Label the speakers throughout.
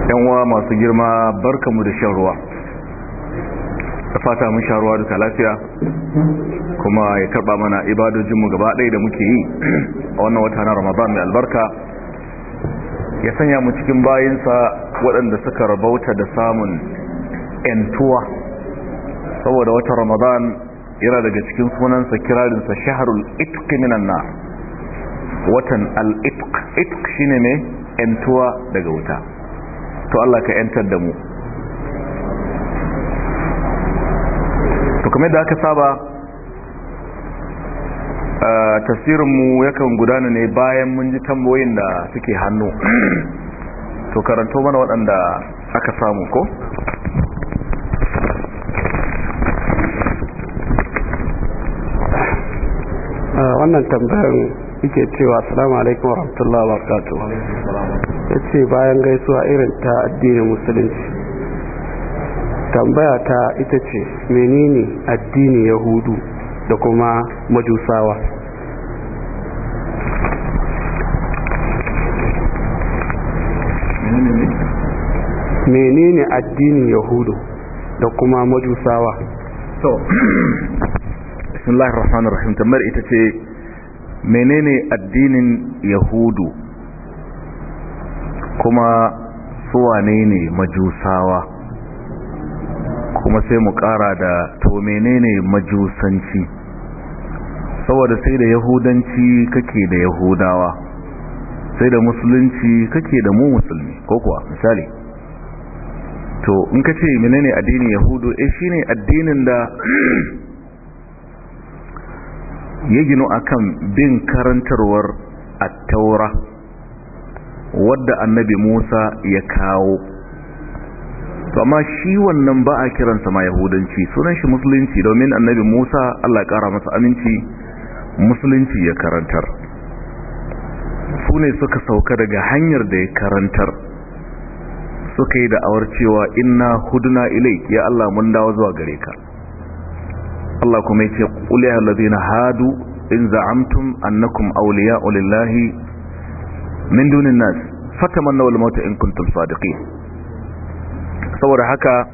Speaker 1: yanwa masu girma barkamu da shan ruwa da fata mun sharuwa ruwa duka lafiya kuma ya karba mana ibadojinmu gaba ɗaya da muke yi a wannan wata na ramadan mai albarka ya sanya mu cikin bayinsa waɗanda suka rabauta da samun ‘yantuwa saboda wata ramadan yana daga cikin sunansa kirarinsa shaharul itq minan na watan al itk shine ne ‘yantuwa daga wuta to Allah ka yantar da mu to kamar da aka saba tasirinmu yakan gudana ne bayan mun ji tambayoyin da suke hannu to karanto mana waɗanda aka samu ko
Speaker 2: wannan tambayar yake cewa asalamu alaikum wa rahmatullahi wa barakatuh ya ce bayan gaisuwa irin ta addinin musulunci tambaya ta ita ce menene addini yahudu da kuma majusawa menene addinin yahudu da kuma majusawa so
Speaker 1: bismillahir rahmanir rahim tamar ita ce menene addinin yahudu kuma suwane ne majusawa kuma sai mu kara da to menene majusanci saboda sai da yahudanci kake da yahudawa sai da musulunci kake da mu musulmi ko kuwa misali to in ka ce menene addinin yahudu eh shine addinin da ya gino akan bin karantarwar at taurah wadda annabi Musa ya kawo to amma shi wannan ba a kiransa ma yahudanci sunan shi musulunci domin annabi Musa Allah ya kara masa aminci musulunci ya karantar su ne suka sauka daga hanyar da ya karantar suka yi da'awar cewa inna huduna ilai ya Allah mun dawo zuwa gare ka Allah kuma ya ce qul ya hadu in za'amtum annakum awliya'u lillahi min dunin nas fatamanna wal mauta in kuntum sadiqin saboda haka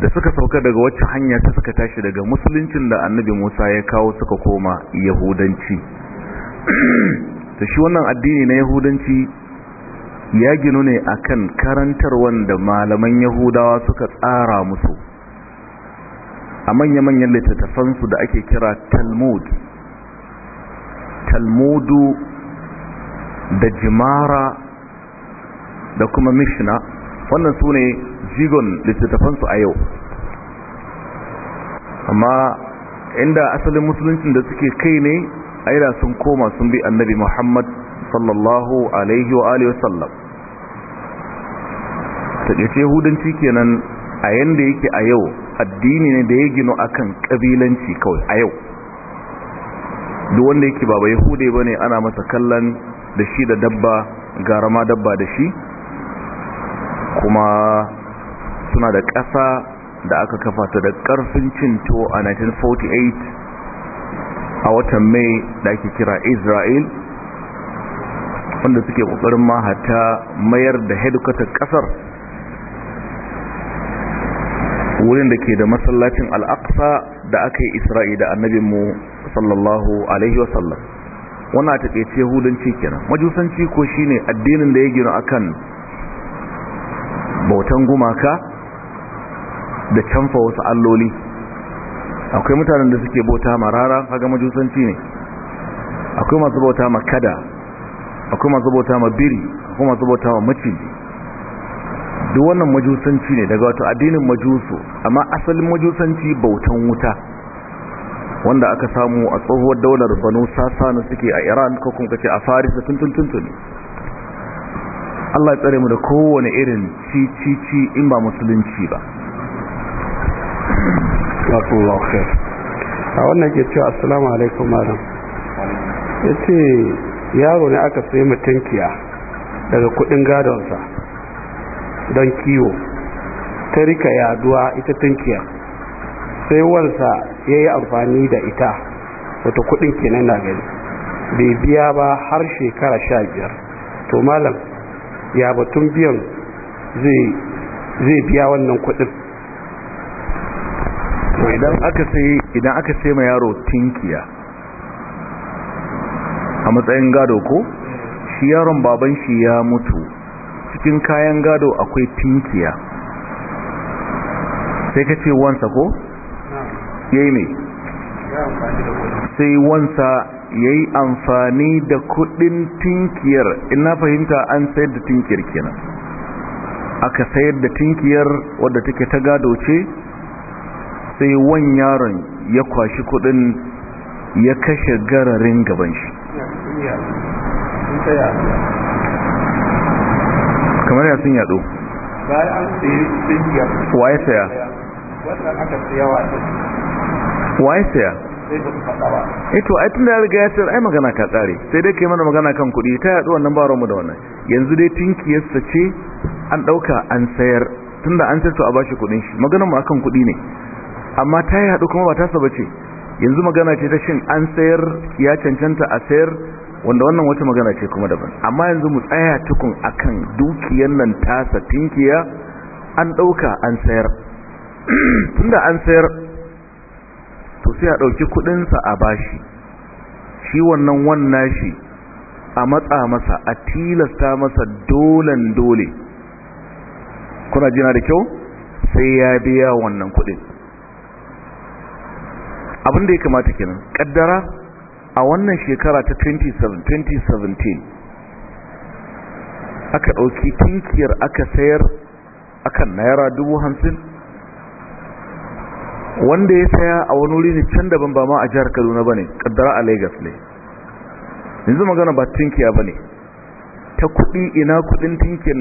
Speaker 1: da suka sauka daga wacce hanya ta suka tashi daga musuluncin da annabi Musa ya kawo suka koma yahudanci to shi wannan addini na yahudanci ya ginu ne akan karantar wanda malaman yahudawa suka tsara musu a manya-manyan littattafansu da ake kira talmud talmudu da jimara da kuma mishina wannan su ne jigon littattafansu a yau amma inda asalin musuluncin da suke kai ne aida sun koma sun bi annabi muhammad sallallahu alaihi wa alihi wasallam taƙaice hudanci kenan a yanda yake a yau addini ne da ya gino akan kabilanci kawai a yau duk wanda yake ba bai hude ba ana masa kallon da shi da dabba garama dabba da shi kuma suna da ƙasa da aka kafa ta da ƙarfin cinto a 1948 a watan mai da ake kira israel wanda suke ƙoƙarin mahata mayar da hedikwatar ƙasar wurin da ke da masallacin al'aqsa da aka yi isra'i da annabinmu sallallahu alaihi wasallam ta a ce hudanci kenan majusanci ko shine addinin da ya gina akan bautan gumaka da canfa wasu alloli akwai mutanen da suke bauta marara kaga majusanci ne akwai masu bauta makada, akwai masu bauta mabiri, akwai masu bauta ma maciji duk wannan majusanci ne daga wato addinin majusu amma asalin majusanci bautan wuta wanda aka samu a tsohuwar daular banu sasanu suke a iran ko kuma kace a faris da tuntuntuntun allah ya tsare mu da kowane irin ci-ci-ci in ba musulunci ba
Speaker 2: a wannan ke cewa assalamu alaikum malam ya ce yaro ne aka sai mutunkiya daga kudin gadonsa don kiwo ta rika yaduwa ita tunkiya sai wansa ya yi amfani da ita wata kudin kenan na gani bai biya ba har shekara sha biyar to malam ya batun biyan
Speaker 1: zai biya wannan kudin idan aka sai idan aka sai ma yaro tinkiya a matsayin gado ko shi yaron baban shi ya mutu cikin kayan gado akwai tinkiya sai ka ce wansa ko yayi ne sai wansa ya yi amfani da kudin tinkiyar ina fahimta an sayar da tinkiyar kenan aka sayar da tinkiyar wadda take ta gado ce sai wan yaron ya kwashi kudin ya kashe gararin gaban shi kamar ya sun yado
Speaker 3: bayan an sayi tinkiyar wa ya saya wannan aka saya wa
Speaker 1: waye saya eh to ai tunda ya riga ya sayar ai magana ka tsare sai dai kai mana magana kan kuɗi ta yaɗu wannan ba mu da wannan yanzu dai tinkiyarsa ce an ɗauka an sayar tunda an sayar to a bashi kuɗin shi maganar mu akan kuɗi ne amma ta yaɗu kuma ba ta saba ce yanzu magana ce ta shin an sayar ya cancanta a sayar wanda wannan wata magana ce kuma daban amma yanzu mu tsaya tukun akan dukiyar nan tasa tinkiya an ɗauka an sayar tunda an sayar to sai a ɗauki kuɗinsa a bashi shi wannan wannan shi a matsa masa a tilasta masa dolan dole kuna jina da kyau sai ya biya wannan kuɗin abin da ya kamata kenan ƙaddara a wannan shekara ta 2017 aka ɗauki tinkiyar aka sayar akan naira dubu hamsin wanda ya saya a wani wuri ne can daban ba ma a jihar kaduna ba ne kaddara a lagos ne yanzu magana ba tinkiya ba ne ta kuɗi ina kuɗin tinkin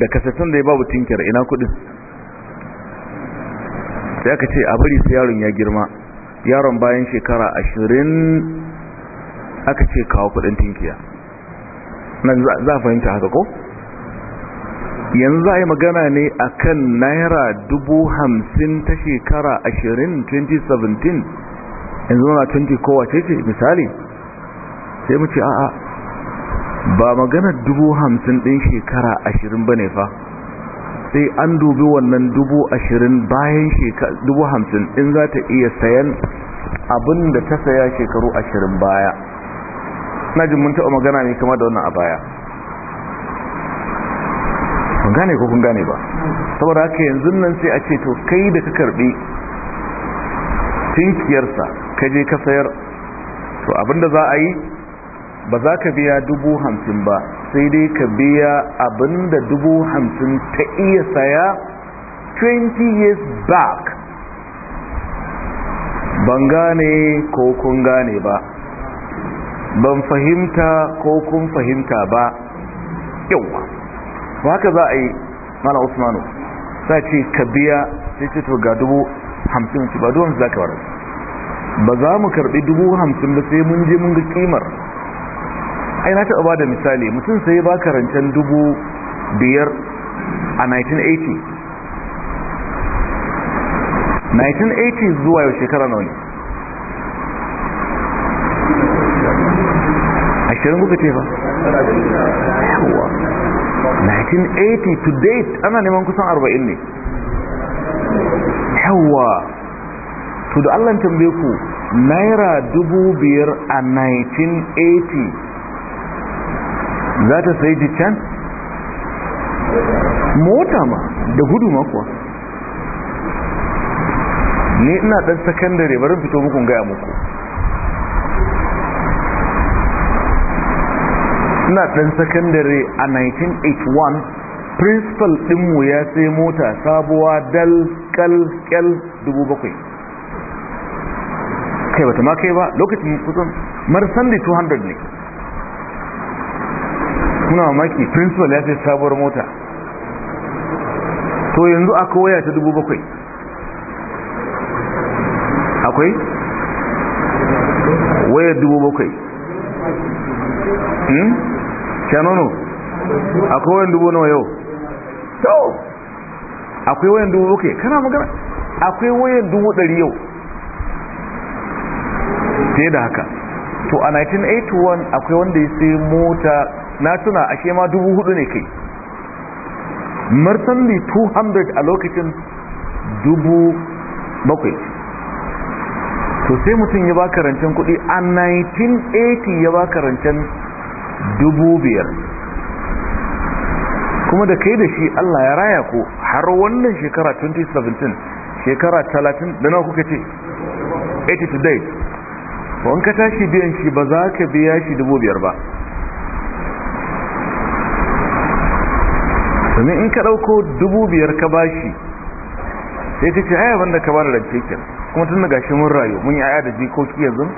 Speaker 1: da kasashen da ya babu tinkiyar ina kuɗin sai aka ce a bari sai yaron ya girma yaron bayan shekara ashirin aka ce kawo kuɗin tinkiya nan za fahimta haka ko yanzu za a yi magana ne a kan naira dubu hamsin ta shekara ashirin 2017 yanzu na 20 kowace ce misali sai mu ce a'a ba magana dubu hamsin ɗin shekara ashirin ba ne fa sai an dubi wannan dubu ashirin bayan dubu hamsin ɗin za ta iya sayan abin da ta saya shekaru ashirin baya na jin mun taɓa magana ne kama da wannan a baya kun gane ko kun gane ba saboda haka yanzu nan sai a ce to kai da ka karbi tinkiyarsa ka je ka sayar to abinda za a yi ba za ka biya dubu hamsin ba sai dai ka biya abinda dubu hamsin ta iya saya 20 years back ban gane ko kun gane ba ban fahimta ko kun fahimta ba yau. ba haka za a yi mala usmanu sa ce ka biya sai ce to ga dubu hamsin ci ba dubu hamsin za ka warar ba za mu karbi dubu hamsin ba sai mun je mun ga kimar ai na taɓa ba da misali mutum sai ba karancen dubu biyar a 1980 1980 zuwa yau shekara nawa ne ashirin kuka ce ba 1980 to date ana neman kusan 40 ne yawa to da allon tambaye ku naira dubu biyar a 1980 za ta sai can? mota ma da gudu makuwa ne ina dan sakandare barin fito muku gaya muku ina ɗan sakandare a 1981 principal ɗinmu ya sai mota sabuwa dal kalkyal 7,000 kai bata ma kai ba lokacin kusan marsandi 200 ne kuna mamaki principal ya sai sabuwar mota to yanzu aka waya ta 7,000 akwai wayar 7,000 hmm? shanono akwai wayan dubu nawa yau to akwai wayan dubu kai kana magana akwai wayan dubu dari yau fiye da haka to a 1981 akwai wanda ya sai mota na tuna a ma dubu hudu ne kai mercenary 200 a lokacin dubu bakwai to sai mutum ya ba karancen kudi a 1980 ya ba karancen dubu biyar kuma da kai da shi Allah ya raya ku har wannan shekara 2017 shekara 30 da na kuka ce 80 days wani ka tashi biyan shi ba za ka biya shi dubu biyar ba domin in ka ɗauko dubu biyar ka ba shi sai ka ce aya wanda ka ba da rancekin kuma tun da gashi mun rayu mun yi aya da jikoki yanzu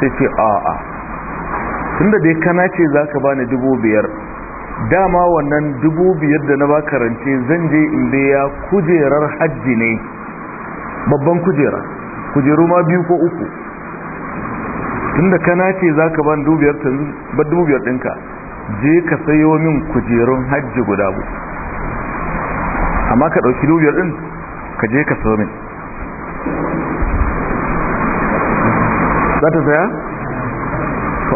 Speaker 1: sai ce a'a tunda dai kana ce za ka bani dubu biyar dama wannan dubu biyar da na ba karance zan je in ya kujerar hajji ne babban kujera kujeru ma biyu ko uku tunda kana ce za ka bani dubu biyar tanzu ba dubu biyar ɗinka je ka sayo min kujerun hajji guda bu amma ka ɗauki dubu biyar ɗin ka je ka sayo min za ta saya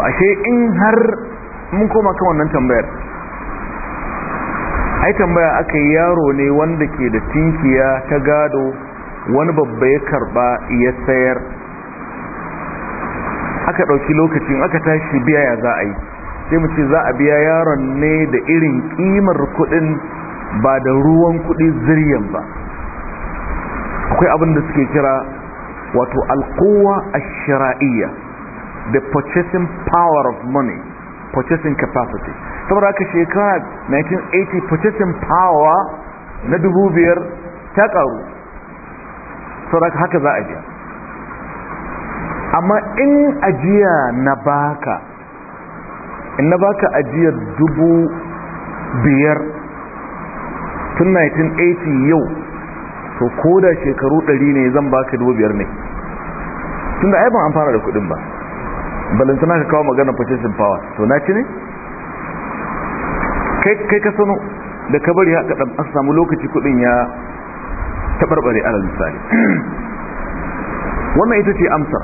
Speaker 1: ashe in har mun koma kan wannan tambayar ai tambaya aka yi yaro ne wanda ke da tinkiya ta gado wani babba ya karba ya sayar aka ɗauki lokacin aka tashi biya ya za a yi sai mu ce za a biya yaron ne da irin ƙimar kuɗin ba da ruwan kuɗi ziryan ba akwai abin da suke kira wato alkowa a shira'iyya the purchasing power of money purchasing capacity saboda haka shekara 1980 purchasing power na dubu biyar ta karu saboda haka za a biya amma in ajiya na baka in na baka ajiyar dubu biyar tun 1980 yau to ko da shekaru 100 ne zan baka dubu biyar ne tun da ai ban an fara da kudin ba balantana ka kawo magana purchasing power to na ci ne kai ka sanu da ka bari haka dan an samu lokaci kudin ya tabarbare alal misali wannan ita ce amsa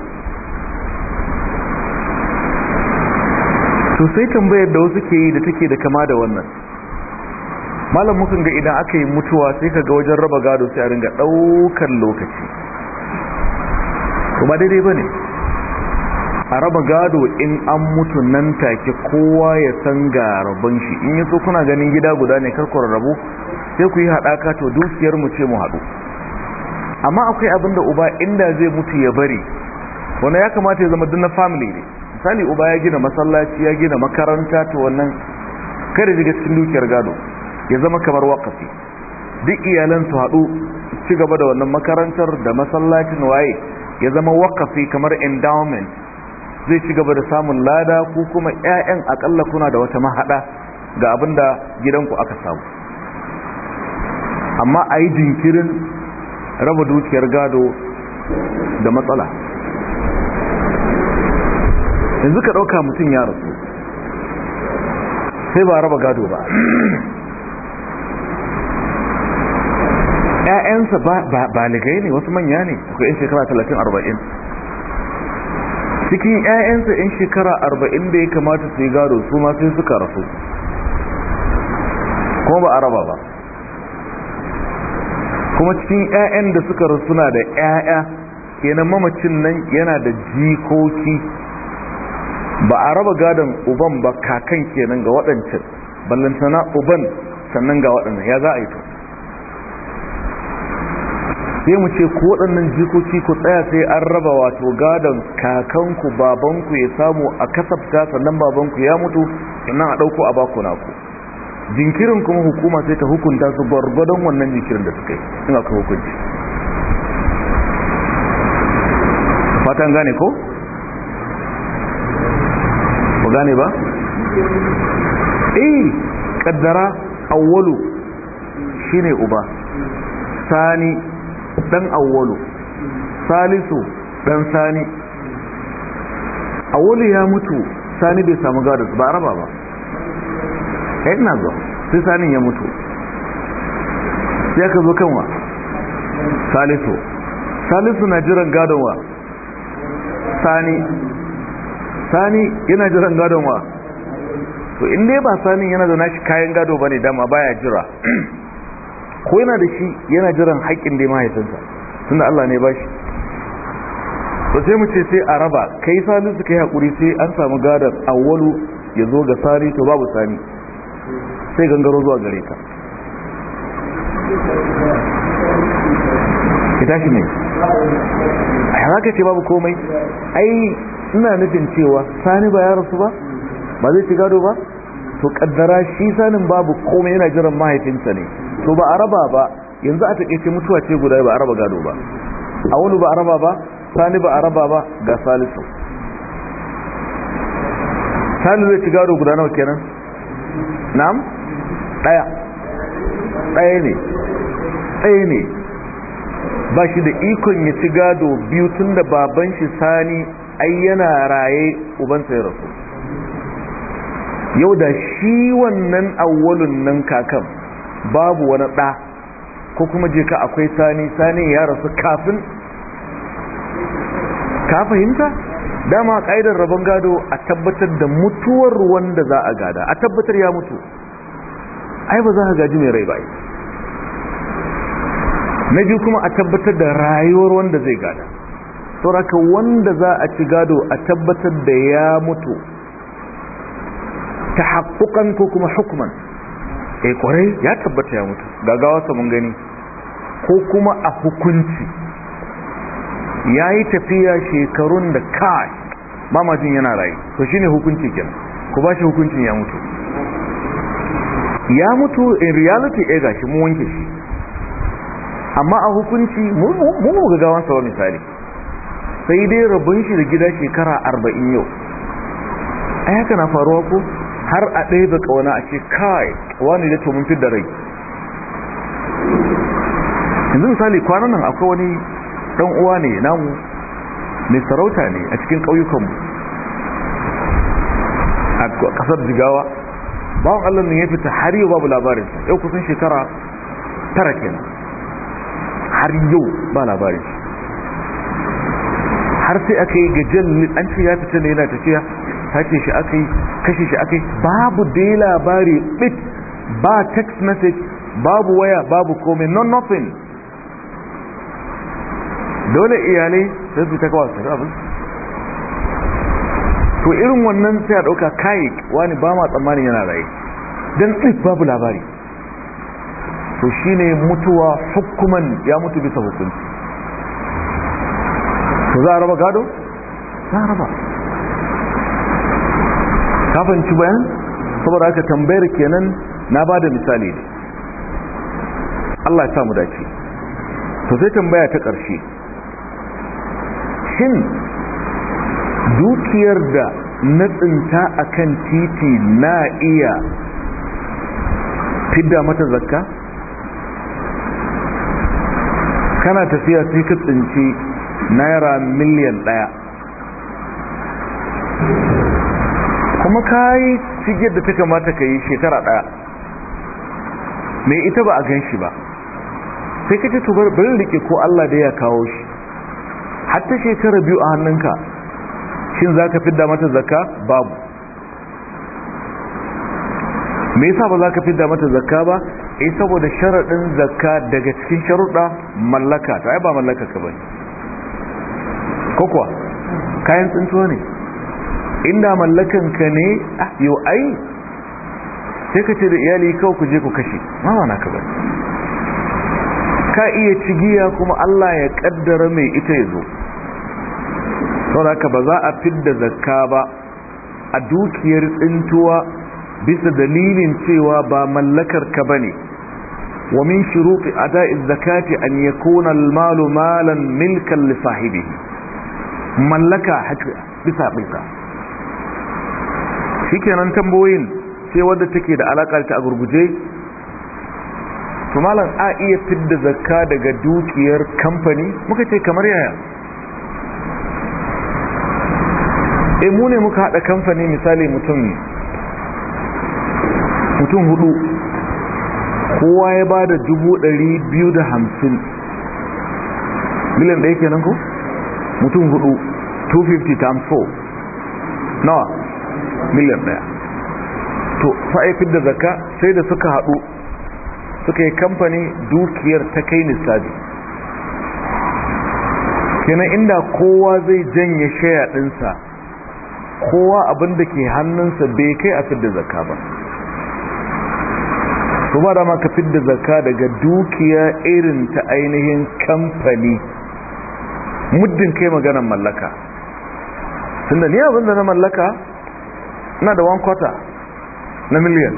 Speaker 1: to sai tambayar da wasu ke yi da take da kama da wannan malam mukan ga idan aka yi mutuwa sai ka ga wajen raba gado sai a ringa daukar lokaci kuma daidai ba ne a raba gado in an mutu nan take kowa ya san ga rabon shi in yaso kuna ganin gida guda ne karkar rabu sai ku yi haɗaka to dukiyar mu ce mu haɗu amma akwai abin da uba inda zai mutu ya bari wani ya kamata ya zama na family ne misali uba ya gina masallaci ya gina makaranta to wannan kare daga cikin dukiyar gado ya zama kamar wakafi duk iyalan su haɗu ci gaba da wannan makarantar da masallacin waye ya zama wakafi kamar endowment zai ci gaba da samun lada ko kuma 'ya'yan akalla kuna da wata mahaɗa ga abin da gidanku aka samu amma a yi jinkirin raba dukiyar gado da matsala yanzu ka ɗauka mutum ya rasu sai ba raba gado ba ‘ya'yansa ba ligai ne wasu manya ne akwai shekara 30-40 cikin 'ya'yansa 'yan shekara arba'in da ya kamata su yi gado su ma sai suka rasu kuma ba a raba ba kuma cikin 'ya'yan da suka rasu na da 'ya'ya kenan mamacin nan yana da jikoki ba a raba gadon uban ba kakan kenan ga waɗancan ballantana uban sannan ga waɗannan ya za a yi to sai mu ce ku waɗannan jikoki ku tsaya sai an raba wato gadon kakanku babanku ya samu a kasafta sannan babanku ya mutu sannan a ɗauko a baku naku jinkirin kuma hukuma sai ta hukunta su gwargwadon wannan jinkirin da suka yi in aka hukunci fatan gane ko? ba gane ba? eh kaddara awwalu shine uba sani dan awwalu salisu dan sani awwalu ya mutu sani bai samu gadus ba raba ba ai eh, ina zo sai sanin ya mutu sai ka zo kanwa salisu salisu na jiran gadon wa sani sani yana jiran gadon wa to inda ba sanin yana da nashi kayan gado bane dama baya jira ko yana da shi yana jiran haƙƙin da mahaifinsa tunda Allah ne ba shi to sai mu ce sai a raba kai suka kai hakuri sai an samu gadar awwalu ya zo ga sani to babu sani sai gangaro zuwa gare ka ita shi ne a haka ce babu komai ai ina nufin cewa sani ba ya rasu ba ba zai ci gado ba to kaddara shi sanin babu komai yana jiran mahaifinsa ne to ba a raba ba yanzu a takeice mutuwa ce guda ba a raba gado ba a wani ba a raba ba sani ba a raba ba ga salisu sani zai ci gado guda nawa kenan nam daya daya ne daya ne ba shi da ikon ya ci gado biyu tun da baban shi sani ai yana raye ubansa ya rasu yau da shi wannan awwalun nan kakan babu wani ɗa ko kuma je ka akwai sani sani ya rasu kafin ka fahimta dama ƙa'idar rabon gado a tabbatar da mutuwar wanda za a gada a tabbatar ya mutu ai ba za ka gaji mai rai ba na biyu kuma a tabbatar da rayuwar wanda zai gada sauraka wanda za a ci gado a tabbatar da ya mutu tahaqquqan ko kuma hukman eh kwarai ya tabbata ya mutu gagawa sa mun gani ko kuma a hukunci yayi tafiya shekarun da kai mamajin yana rayu to shine hukunci kenan ku ba shi hukuncin ya mutu ya mutu in reality eh shi mun wanke shi amma a hukunci mu mu gagawan sa misali sai dai rabon shi da gida shekara 40 yau ai haka na faruwa ko har a ɗaya da ƙauna a ce kai wani da mun fidda rai yanzu misali kwanan nan akwai wani ɗan uwa ne namu mai sarauta ne a cikin ƙauyukanmu a ƙasar jigawa bawon allah ne ya fita har yau babu labarinsa yau kusan shekara tara kenan har yau ba labarinsa har sai aka yi gajen an ce ya fita ne yana tafiya sace shi aka yi kashe shi aka yi babu dai labari bit ba text message babu waya babu komai no nothing dole iyalai sai su ta su abin to irin wannan sai a ɗauka kayi wani ba ma tsammanin yana raye don ɗin babu labari to shine mutuwa hukuman ya mutu bisa hukunci to za a raba gado? za a raba kafanci bayan saboda aka tambayar kenan na ba da misali ne Allah mu dace to sai tambaya ta ƙarshe shin dukiyar da na tsinta a kan titi na iya fidda mata zakka kana tafiya sai ka tsinci naira miliyan ɗaya kuma ka yi cigiyar da ta kamata ka yi shekara ɗaya mai ita ba a gan shi ba sai ka ce to bari rike ko Allah da ya kawo shi hatta shekara biyu a hannunka shin za ka fidda mata zakka babu me yasa ba za ka fidda mata zakka ba eh saboda sharaɗin zakka daga cikin sharuɗa mallaka ta ai ba mallaka ka bane ko kayan tsintuwa ne inda mallakan ka ne ah, yo ai sai ka ce da iyali kawai ku je ku kashe ma na ka ba ka iya cigiya kuma Allah ya kaddara mai ita ya zo saboda haka ba za a fidda zakka ba a dukiyar tsintuwa bisa dalilin cewa ba mallakar ka bane wa min shuruqi ada'i zakati an yakuna al-malu malan milkan li sahibihi mallaka haka bisa bisa Shi kenan tambayoyin sai wadda take da alakar ta a gurguje to malam a iya fidda zakka daga dukiyar kamfani muka ce kamar yaya e mu ne muka hada kamfani misali mutum mutum hudu kowa ya ba da dubu dari biyu da hamsin miliyan yake nan ko mutum hudu 250 times 4 nawa miliyan daya to fa'aifin da zaka, sai da suka haɗu suka yi kamfani dukiyar ta kai nisabi kenan inda kowa zai janye shaya ɗinsa kowa abin ke hannunsa bai kai a fidda zaka ba su ba dama ka fidda zaka daga dukiya irin ta ainihin kamfani muddin kai maganan mallaka tunda ni abinda na mallaka na da one quarter na miliyan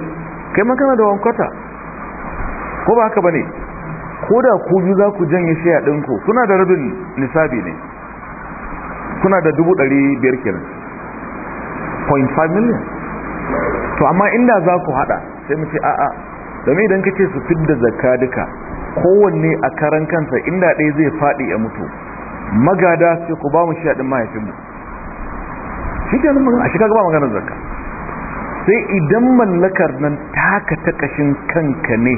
Speaker 1: kai na da one quarter ko ba haka ba ne ko da ku biyu za ku janye shiya ɗinku kuna da rabin nisabi ne kuna da dubu ɗari biyar kenan five million? to amma inda za ku haɗa sai mu ce a'a domin idan ka ce su da zakka duka kowanne a karan kansa inda ɗaya zai faɗi a mutu magada sai ku ba mu shiya ɗin mahaifinmu shi ke nan magana a shi kaga ba maganar zakka sai idan mallakar nan taka ta kashin kanka ne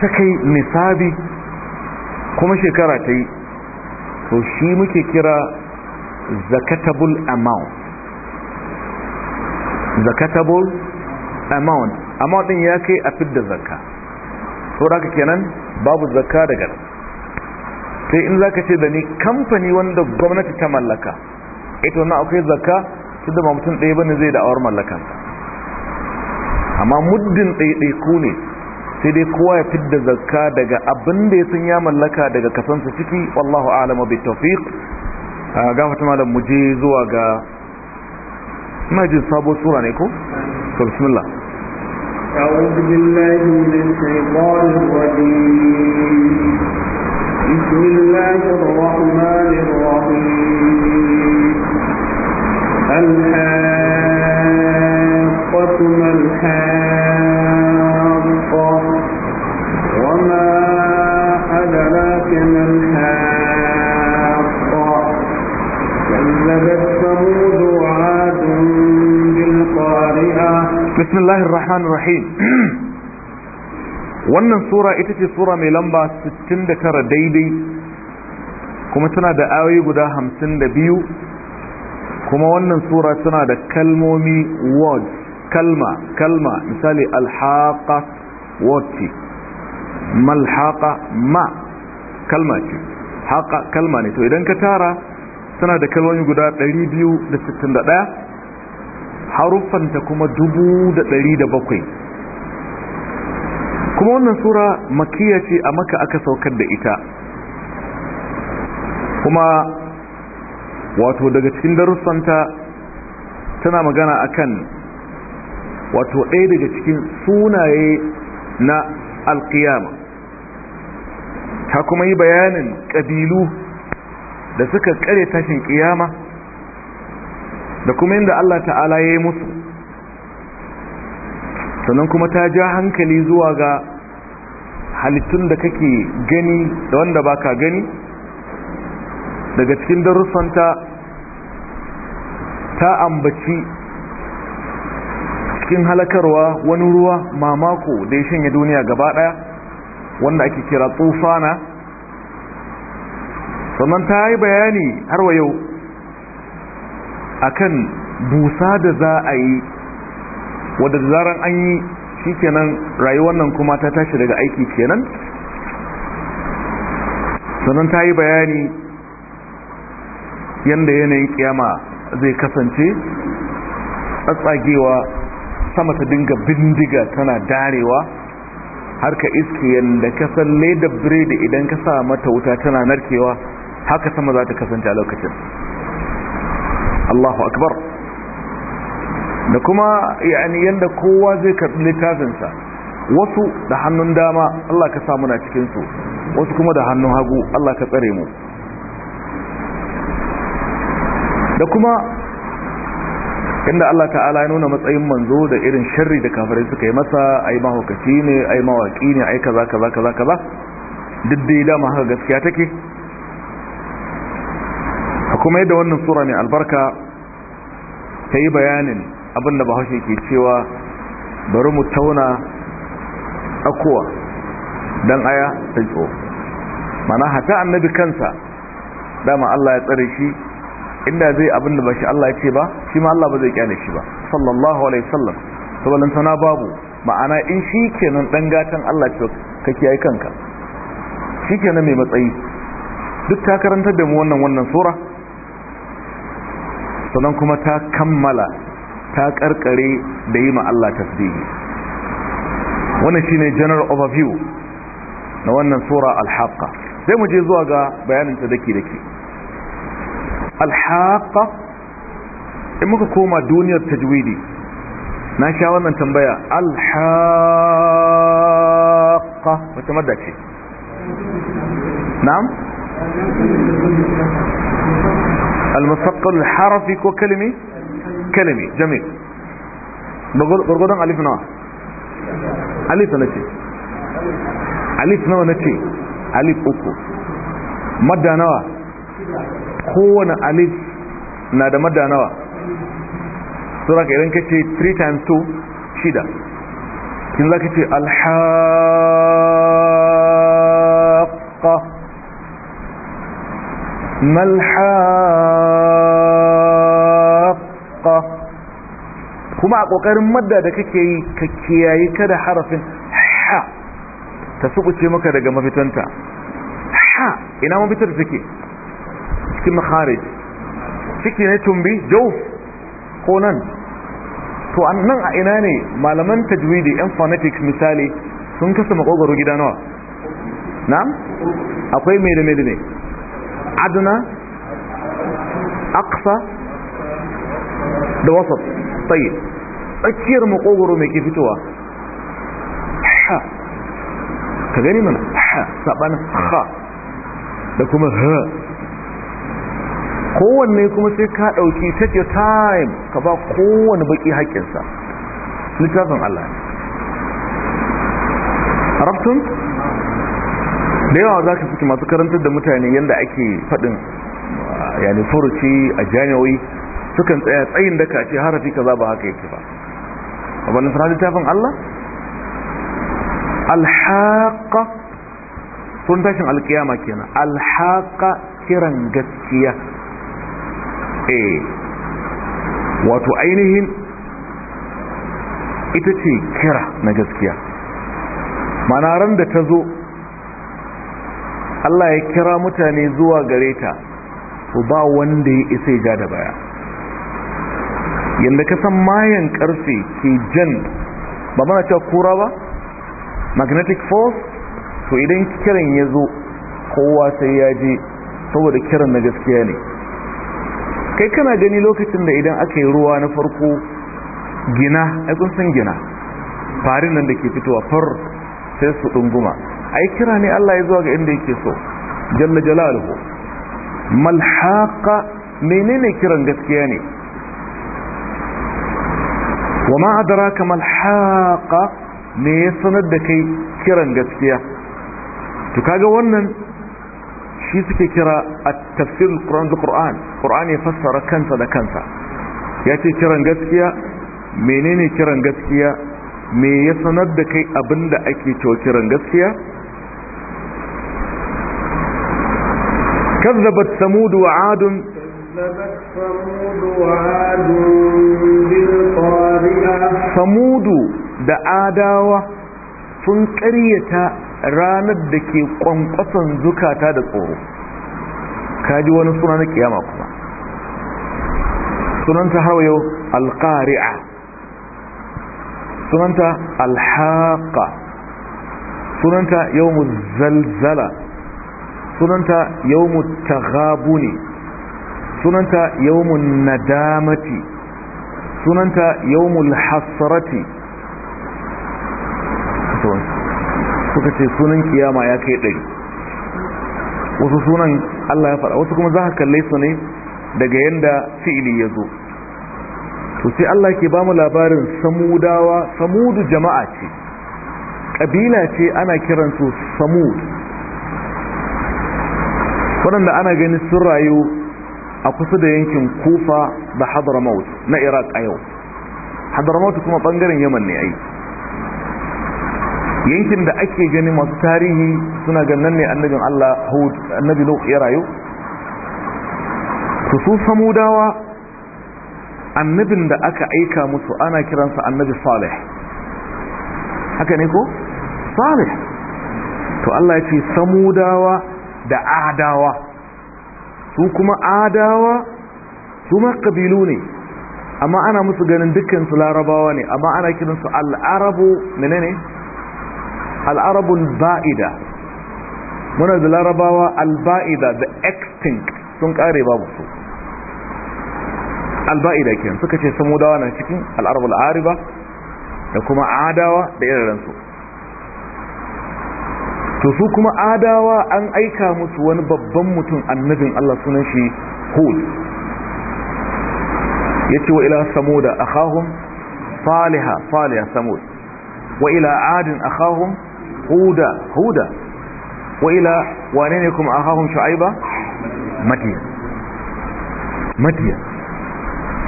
Speaker 1: ta kai nisabi kuma shekara ta yi to shi muke kira zakatable amount zakatable amount amount din ya kai a fidda zakka sauraka kenan babu zakka daga sai in zaka ce da ni kamfani wanda gwamnati ta mallaka ita na akwai zakka tunda ba mutum ɗaya bane zai da'awar mallakan amma muddin ɗaiɗaiku ne sai dai kowa ya fidda zakka daga abin da ya san ya mallaka daga kasansa ciki wallahu a'lamu bi tawfiq ah, gafata malam mu je zuwa ga majin sabo sura ne ko to bismillah
Speaker 3: أعوذ بالله من الشيطان الرجيم بسم الله الرحمن الرحيم الحاقة الحاقة وما أدراك الحاقة
Speaker 1: بسم الله الرحمن الرحيم wannan sura ita ce sura mai lamba 69 daidai kuma tana da ayoyi guda kuma wannan sura tana da kalmomi words kalma kalma misali alhaqa wati malhaqa ma kalma ce haqa kalma ne to idan ka tara tana da kalmomi guda 261 haruffanta kuma 1700 kuma wannan sura makiya ce a maka aka saukar da ita kuma wato daga cikin darussan ta tana magana akan wato ɗaya daga cikin sunaye na alkiyama ta kuma yi bayanin ƙabilu da suka ƙare tashin ƙiyama da kuma inda Allah ta'ala ya yi musu sannan kuma ta ja hankali zuwa ga halittun da kake gani da wanda baka gani daga cikin darussan ta ta ambaci cikin halakarwa wani ruwa mamako da ya shanye duniya gaba daya wanda ake kira tsufana sannan ta yi bayani har wa yau a kan busa da za a yi wadda zarar an yi shi kenan rayuwar nan kuma ta tashi daga aiki kenan sannan ta yi bayani yanda yanayin kiyama zai kasance tsatsagewa sama ta dinga bindiga tana darewa har ka iske yadda ka san ledar biredi idan ka sa mata wuta tana narkewa haka sama za ta kasance a lokacin allahu akbar da kuma yani yadda kowa zai karɓi littafinsa wasu da hannun dama allah ka samuna cikinsu wasu kuma da hannun hagu allah ka tsare mu da kuma inda Allah ta'ala ya nuna matsayin manzo da irin sharri da kafirai suka yi masa ai mahaukaci ne ai mawaki ne ai kaza kaza kaza kaza duk dai dama haka gaskiya take a kuma yadda wannan sura mai albarka ta yi bayanin abin da bahaushe ke cewa bari mu tauna akuwa don aya ta tso mana hata annabi kansa dama Allah ya tsare shi inda zai abinda ba shi Allah ya ce ba shi ma Allah ba zai kyane shi ba sallallahu alaihi wasallam to balan sana babu ma'ana in shi kenan dan gatan Allah ce ka kiyaye kanka shi kenan mai matsayi duk ta karanta da mu wannan wannan sura sannan kuma ta kammala ta karkare da yi ma Allah tasbihi wannan shine general overview na wannan sura al-haqqa sai mu je zuwa ga bayanin ta dake dake alhaqa in muka koma duniyar tajwidi na sha wannan tambaya alhaqa wata madda ce na'am المثقل الحرفي كو كلمة كلمة جميل برغدان ألف نوع ألف نتي ألف نوع نتي ألف أكو مدى نوع kowane alif na da madda nawa sura ka idan kace 3 times 2 shida kin zaka ce alhaqqa malhaqqa kuma a kokarin madda da kake yi ka kiyaye kada harafin ha ta ce maka daga mafitanta ha ina mafitar take cikin makharij ciki ne tumbi jau ko nan to nan a ina ne malaman tajwidi yan phonetics misali sun kasa makogaro gida nawa na'am akwai mai da mai da ne aduna aqsa da wasat tayi tsakiyar makogaro mai ke fitowa ha ka gani mana ha sabanin ha da kuma ha kowanne kuma sai ka ɗauki take your time ka ba kowanne baki hakinsa littafin Allah rabtun da yawa za ka fiki masu karantar da mutane yadda ake faɗin yani furuci a janyoyi sukan tsaya tsayin da ka ce harafi ka za ba haka yake ba abin sana littafin Allah alhaka sun tashin alkiyama kenan alhaka kiran gaskiya eh wato ainihin ita ce kira na gaskiya manaran da ta zo Allah ya kira mutane zuwa gare ta ba wanda ya isa ja da baya yadda ka san mayan karfe ke jan ba mana cewa kura ba magnetic force to idan kiran ya zo kowa sai ya je saboda kiran na gaskiya ne kai kana gani lokacin da idan aka yi ruwa na farko gina ai kun gina farin nan da ke fitowa far sai su dunguma yi kira ne Allah ya zuwa ga inda yake so jalla jalaluhu malhaqa menene kiran gaskiya ne wa ma adraka malhaqa me ya sanar da kai kiran gaskiya to ga wannan shi suke kira a tafsir ƙuran da ƙuran ƙuran ya fassara kansa da kansa ya ce kiran gaskiya menene kiran gaskiya me ya sanar da kai abin da ake cewa kiran gaskiya kazzabat samudu wa adun samudu da adawa sun ƙaryata ranar da ke kwankwason zukata da tsoro kaji wani suna na kiyama kuma sunanta har yau alƙari'a sunanta alhaƙa sunanta yau zalzala sunanta yau tagabuni sunanta yau nadamati sunanta yau hasrati suka ce sunan kiyama ya kai ɗari wasu sunan Allah ya faɗa wasu kuma za ka kalle su ne daga yadda fi'ili ya zo to sai Allah ke ba mu labarin samudawa samudu jama'a ce ƙabila ce ana kiransu samud waɗanda ana gani sun rayu a kusa da yankin kufa da hadramaut na iraq a yau hadramaut kuma ɓangaren yaman ne aiki yankin da ake gani masu tarihi suna ganin ne annabin Allah Hud annabi Nuh ya rayu to su samudawa annabin da aka aika musu ana kiransa annabi Salih haka ne ko Salih to Allah ya ce samudawa da adawa su kuma adawa su ma kabilu ne amma ana musu ganin dukkan su larabawa ne amma ana kiransu al'arabu menene ne al'arabul ba'ida muna da larabawa alba'ida da extinct sun kare babu su alba'ida ke. suka ce samudawa na cikin al'arabul ariba da kuma adawa da irinsu to su kuma adawa an aika musu wani babban mutum annabin Allah sunan shi Hul ya ce wa ila samu da akhahum faliha, salihah samud wa ila adin akhahum huda huda wa ila wane ne kuma ahahun shu'aiba madiyan madiyan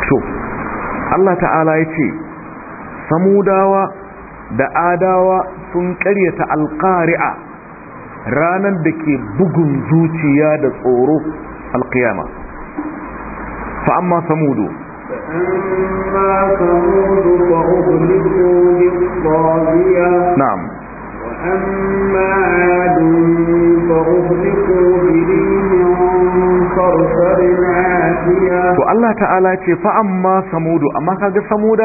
Speaker 1: to Allah ta'ala ya ce samudawa da adawa sun karyata alƙari'a ranar da ke bugun zuciya da tsoro alƙiyama fa amma samudu
Speaker 3: فأما ثمود فأغلقوا بالطاغية نعم
Speaker 1: to allah ta'ala ce fa amma samudu تعالى فأما ثمود Fa كان ثمود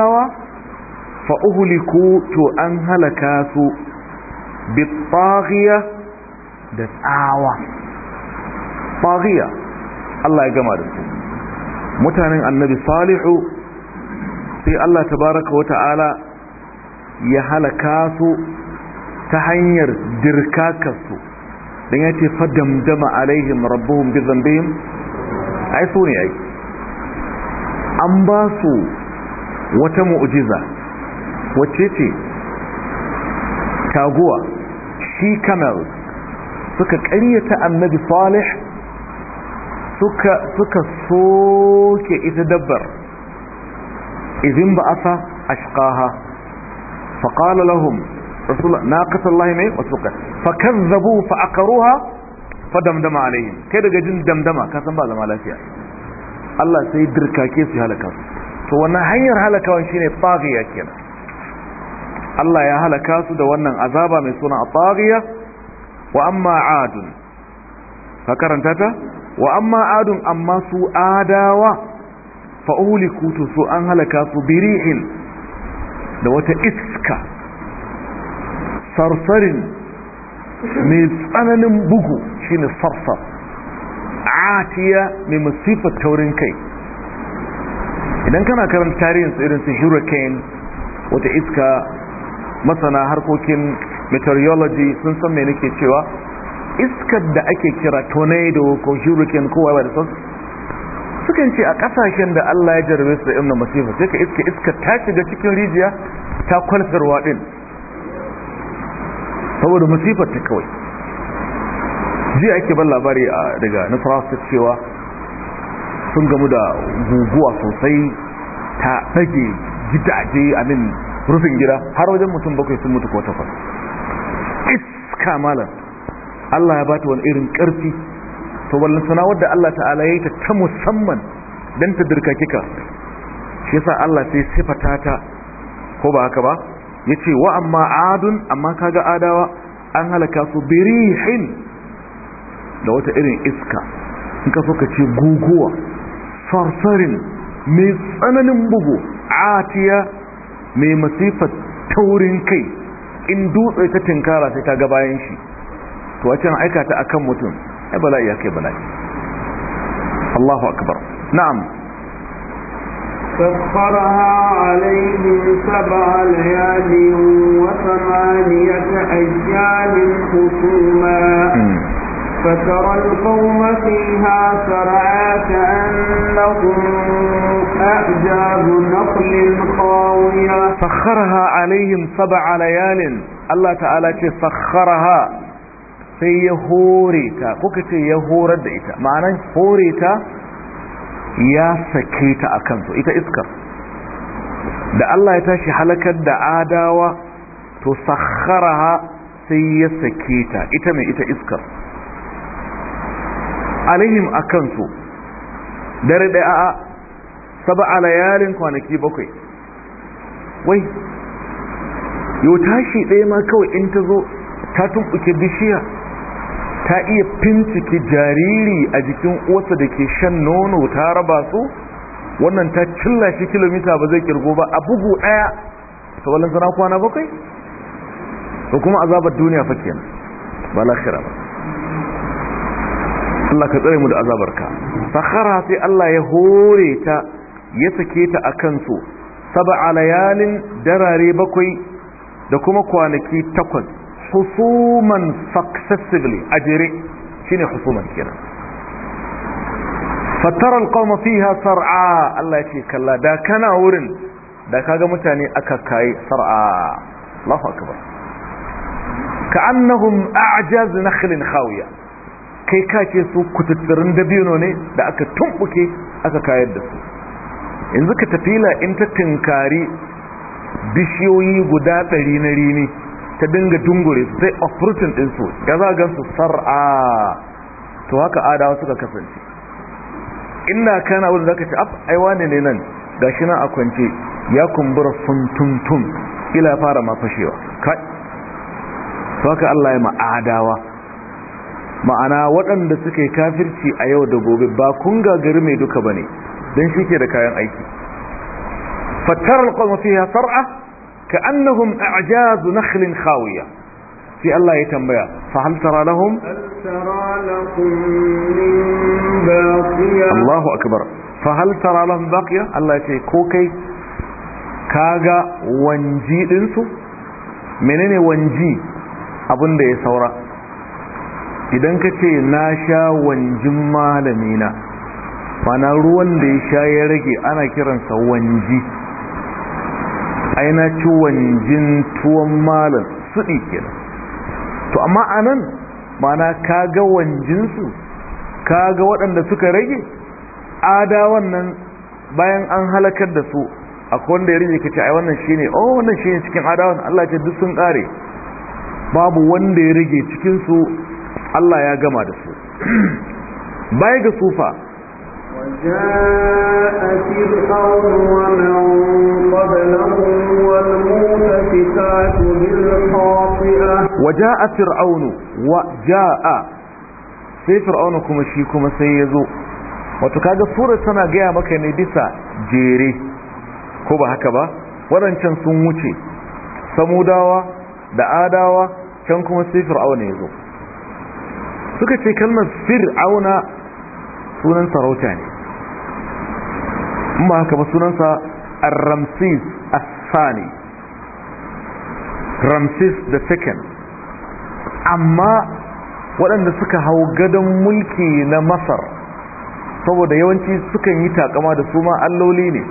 Speaker 1: an تو su bi بالطاغية da tsawa fariya Allah ya gama da su mutanen annabi salihu sai Allah tabaraka wa ta'ala ya halaka su ta hanyar dirkakarsu don ya ce fadamdama alaihim rabbuhum bi zambihim ai so ne ai an ba su wata mu'ujiza wacce ce taguwa shi kamel suka ƙaryata annabi salih suka suka soke ita dabbar izin ba asa ashqaha faqala lahum rasulullah naqatullahi mai wasuka fakazzabu fa aqaruha fa damdama alaihim kai daga jin damdama ka san ba zama lafiya Allah sai dirkake su halaka su to wannan hanyar halakawa shine taghiya kenan Allah ya halaka su da wannan azaba mai suna taghiya wa amma adun ka karanta ta wa amma adun amma su adawa fa uhliku su an halaka su birihin da wata iska sarsarin mai tsananin bugu shine sarsar atiya mai masifar taurin kai idan kana karanta tarihin irin su hurricane wata iska masana harkokin meteorology sun san mai nake cewa iskar da ake kira tornado ko hurricane ko wai da sassu sukan ce a kasashen da Allah ya jarabe su da irin masifa sai ka iska iska ta shiga cikin rijiya ta kwalfarwa din saboda musifar ta kawai jiya ake ban labari daga na cewa sun gamu da guguwa sosai ta tsage gidaje a min rufin gida har wajen mutum bakwai sun mutu ko takwas iska malam Allah ya bata wani irin karfi to wallan suna wadda Allah ta'ala ya yi ta ta musamman don ta dirka kika shi yasa Allah sai sifata ta ko ba haka ba yace wa amma adun amma kaga adawa an halaka su birihin da wata irin iska in ka so ka ce guguwa farsarin mai tsananin bugu atiya mai masifar taurin kai in dutse ta tinkara sai ta ga bayan shi to a can aikata akan mutum ai bala'i ya kai bala'i Allahu akbar na'am سخرها
Speaker 3: عليهم سبع ليال وثمانية أيام حسوما فترى القوم فيها سرعا كأنهم أعجاب نقل
Speaker 1: خاوية سخرها عليهم سبع ليال الله تعالى سخرها في يهوريتا hore ta kuka ce ya sake ta a kansu ita iskar da Allah ya tashi halakar da adawa to ha sai ya sake ta ita mai ita iskar alihim a kansu dare ɗaya a saba a kwanaki bakwai wai yau tashi ɗaya ma kawai in ta zo ta tumɓuke bishiya ta iya fincike jariri a jikin uwarsa da ke shan nono ta raba su wannan ta cilla shi kilomita ba zai kirgo ba a bugu ɗaya ta wallon sana kwana bakwai ko kuma azabar duniya fa kenan ba lakhira ba Allah ka tsare mu da azabarka sakhara sai Allah ya hore ta ya sake ta akan su sab'a layalin darare bakwai da kuma kwanaki takwas husuman successively a jere shine husuman kenan fatara alqawma fiha sar'a Allah yace kalla da kana wurin da kaga mutane aka kai sar'a Allahu akbar ka'annahum a'jaz nakhlin khawiya kai kace su kututturin dabino ne da aka tumbuke aka kayar da su yanzu ka tafila in ta tinkari bishiyoyi guda ɗari na rini ta dinga dungure sai uprooting din su ga za ga su sar'a to haka adawa suka kasance ina kana wanda zaka ce ai wane ne nan gashi nan a kwance ya kumbura funtuntun ila fara ma fashewa kai to haka Allah ya ma adawa ma'ana waɗanda suke kafirci a yau da gobe ba kun gari mai duka bane dan shi ke da kayan aiki fatar alqawm fiha sar'a ka annahum a'jazu nakhlin khawiya sai Allah ya tambaya fa hal tara lahum Allahu akbar fa hal tara lahum baqiya Allah ya ce ko kai kaga wanji din su menene wanji abunda da ya saura idan ka ce na sha wanjin malamina mana ruwan da ya sha ya rage ana kiransa wanji aina ciwon ci wanjin tuwon malam suɗi kenan to amma anan mana ka ga wanjinsu ka ga waɗanda suka rage Ada wannan bayan an halakar da su akwai wanda ya rage ka ce ai wannan shine oh wannan shine cikin adawan Allah ce duk sun ƙare. babu wanda ya rage cikinsu Allah ya gama da su baya ga sufa وجاء فرعون وجاء سي فرعون كما sai كما kuma shi kuma sai ya zo wato kaga surar tana gaya maka ne bisa jere ko ba haka ba waɗancan sun wuce samudawa da adawa can kuma sai fir'auna ya zo suka ce kalmar fir'auna sunan sarauta ne in ba haka ba sunansa ramses asani ramses the second amma waɗanda suka hau gadon mulki na masar saboda yawanci sukan yi takama da su ma alloli ne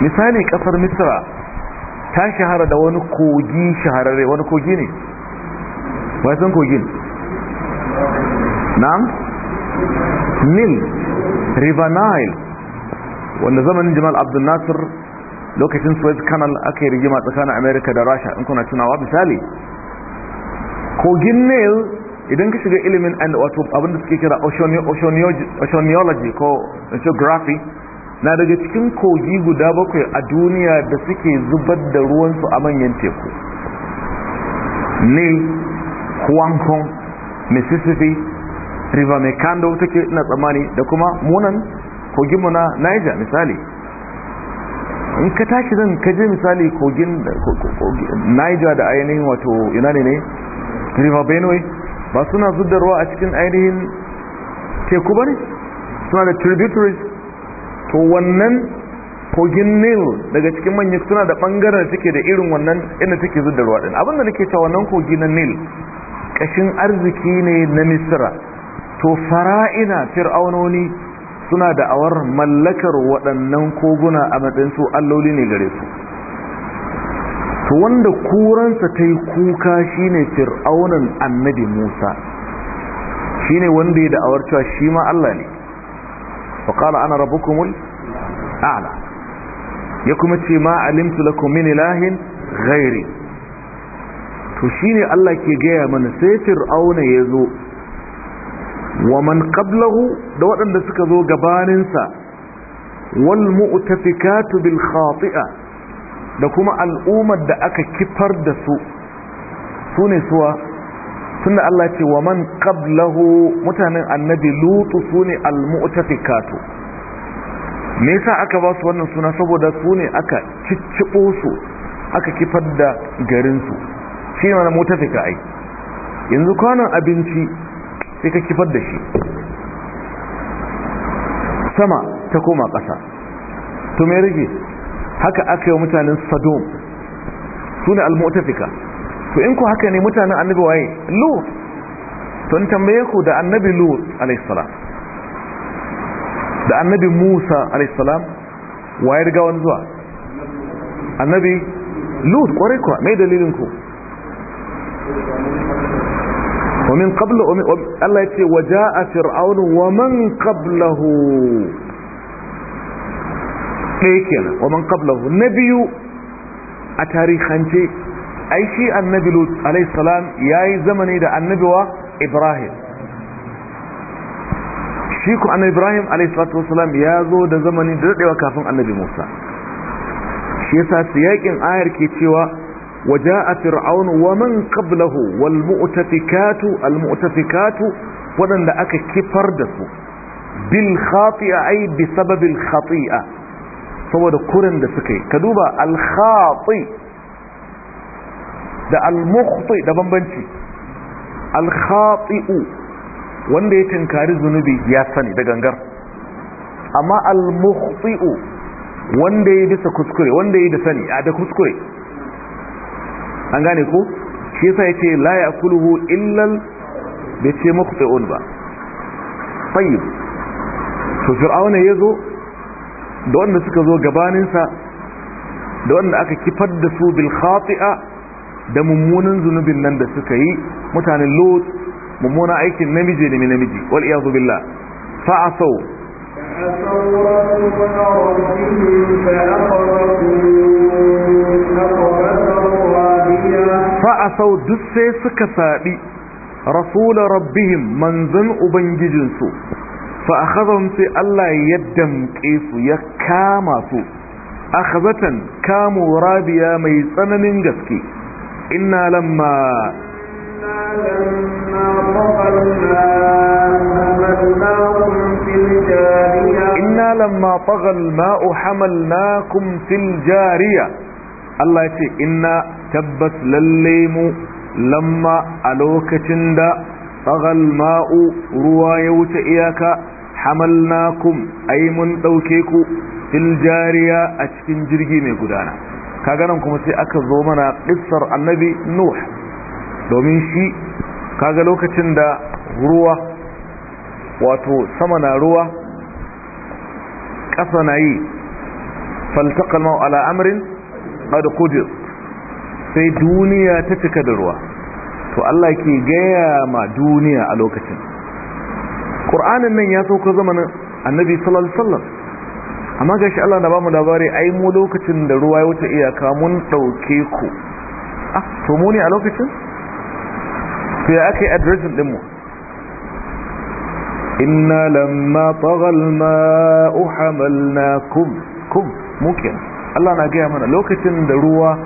Speaker 1: misali ƙasar misra ta shahara da wani kogi shahararre wani kogi ne wasan kogin na'am nil river nile wanda zamanin jamal abdul الناصر lokacin suez canal aka yi rigima tsakanin america da rasha in kuna tunawa misali kogin idan ka shiga ilimin and wato da suke kira oceanology ko geography na daga cikin kogi guda bakwai a duniya da suke zubar da ruwansu a manyan teku nil huang mississippi river mai kando take ina tsammani da kuma munan koginmu na niger misali in ka tashi zan ka je misali kogin niger da ainihin wato ina ne ne river benue ba suna ruwa a cikin ainihin teku ba ne suna da tributaries to wannan kogin nil daga cikin manyan suna da bangaren da take da irin wannan inda take ruwa din abinda nake cewa wannan kogi na nil kashin arziki ne na misira to fara'ina fir'aunoni suna da awar mallakar waɗannan koguna a matsayin su alloli ne gare su to wanda kuransa ta yi kuka shine fir'aunan annabi musa shine wanda ya da'awar cewa shi ma allah ne faƙala ana rabukumul a'la ya kuma ce ma alimtu lakum min ilahin ghairi to shine allah ke gaya mana sai fir'auna ya zo wa man qablahu da waɗanda suka zo gabaninsa wal mu'tafikatu bil khati'a da kuma al'ummar da aka kifar da su sune suwa tunda Allah ce wa man qablahu mutanen annabi lutu su al mu'tafikatu me yasa aka ba su wannan suna saboda sune aka ciccibo su aka kifar da garin su shi ne mutafika ai yanzu kwanan abinci sai ka kifar da shi sama ta koma ƙasa to mai rage haka aka yi mutanen sadom su ne almutafika to in ku haka ne mutanen annabi waye lut to in tambaye ku da annabi lur alaihissalam da annabi musa alaihissalam waye riga wani zuwa annabi lur kwarai kuwa mai dalilin ku ومن قبل الله يتي وجاء فرعون ومن قبله ليكنا ومن قبله نبي أتاريخانتي أي شيء النبي لوط عليه السلام ياي زمني دا النبي وإبراهيم شيكو أن إبراهيم عليه الصلاة والسلام يازو دا زمني دا وكافن النبي موسى shi yasa siyakin ayar ke cewa وجاء فرعون ومن قبله والمؤتفكات المؤتفكات ودن دا اكا كفر دسو بالخاطئة اي بسبب الخطيئة سوى دا كورن دا سكي كدوبا الخاطئ دا المخطئ دا بمبنشي alkhati'u wanda ya tinkari zunubi ya sani da gangar amma almukhti'u wanda ya bisa kuskure wanda ya da sani a da kuskure an gane ko shi yasa layi la yakuluhu illal bai ce muqti'un ba tayyib to fir'auna yazo da wanda suka zo gabanin sa da wanda aka kifar da su bil khati'a da mummunan zunubin nan da suka yi mutanen lot mummuna aikin namiji ne namiji wal iyadu billah fa asau فأصوروا فأرضهم فأخرجوا رأسوا دسي سكفائي رسول ربهم منذن أبنججنسو فأخذهم في الله يدم كيف يكاماسو أخذتا كاموا رابيا ميسانا ننجسكي إنا لما إنا لما
Speaker 3: طغلنا حملناكم
Speaker 1: في الجارية إنا لما طغل ماء حملناكم في الجارية الله يتي إنا tabbas lalle mu lamma a lokacin da tsagal ma'u ruwa ya wuce iyaka hamalnakum ai mun ɗauke ku fil jariya a cikin jirgi mai gudana kaga nan kuma sai aka zo mana ƙisar annabi nuh domin shi kaga lokacin da ruwa wato sama na ruwa ƙasa na yi ma'u ala amrin qad qudir sai duniya ta cika da ruwa to Allah ke gaya ma duniya a lokacin ƙur'anin nan ya sauka zamanin annabi sallallahu alaihi wasallam amma shi Allah na mu labari ai mu lokacin da ruwa ya wuce iyaka mun dauke ku ah to mu ne a lokacin to ya akai addressin din mu inna lamma taghal uhamal na kum mukin Allah na gaya mana lokacin da ruwa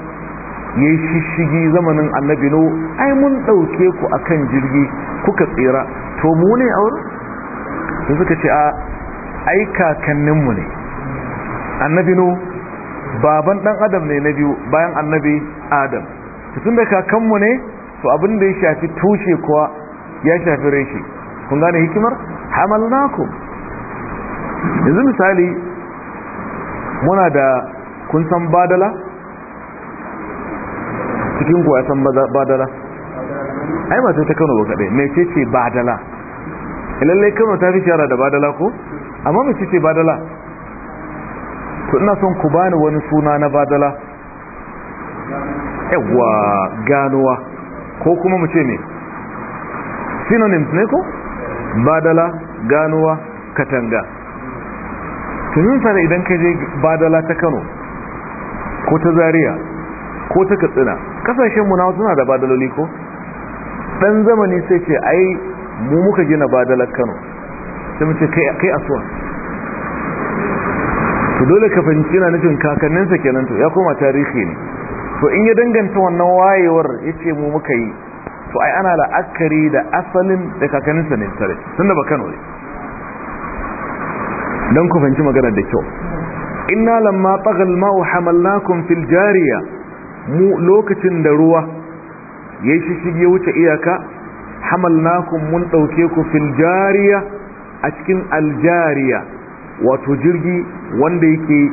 Speaker 1: ya yi shishigi zamanin annabi no ai mun ɗauke ku akan jirgi kuka tsira to mu ne a wurin suka ce a ai kakanninmu ne annabi no baban ɗan adam ne na biyu bayan annabi adam tun da kakanmu ne to abin da ya shafi tushe kuwa ya shafi reshe kun gane hikimar hamalnakum yanzu misali muna da kun san badala cikin kuwa ya san badala ai mata ta kano ba kaɗai mai ce ce badala lallai kano ta fi shara da badala ko amma mai ce ce badala to ina son ku bani wani suna na badala yawa ganuwa ko kuma mu ce ne synonyms ne ko badala ganuwa katanga tunin sana idan ka je badala ta kano ko ta zaria ko ta katsina kasashen mu na suna da badaloli ko dan zamani sai ce ai mu muka gina badalar Kano sai mu ce kai kai asuwa to dole ka fahimci yana nufin kakanninsa kenan to ya koma tarihi ne to in ya danganta wannan wayewar yace mu muka yi to ai ana la'akari da asalin da kakanninsa ne tare tunda ba Kano ne dan ku fahimci magana da kyau inna lamma tagal ma'u hamalnakum fil jariya mu lokacin da ruwa ya yi shishige wuce iyaka Hamal ku mun ɗauke ku fil jariya a cikin aljariya wato jirgi wanda yake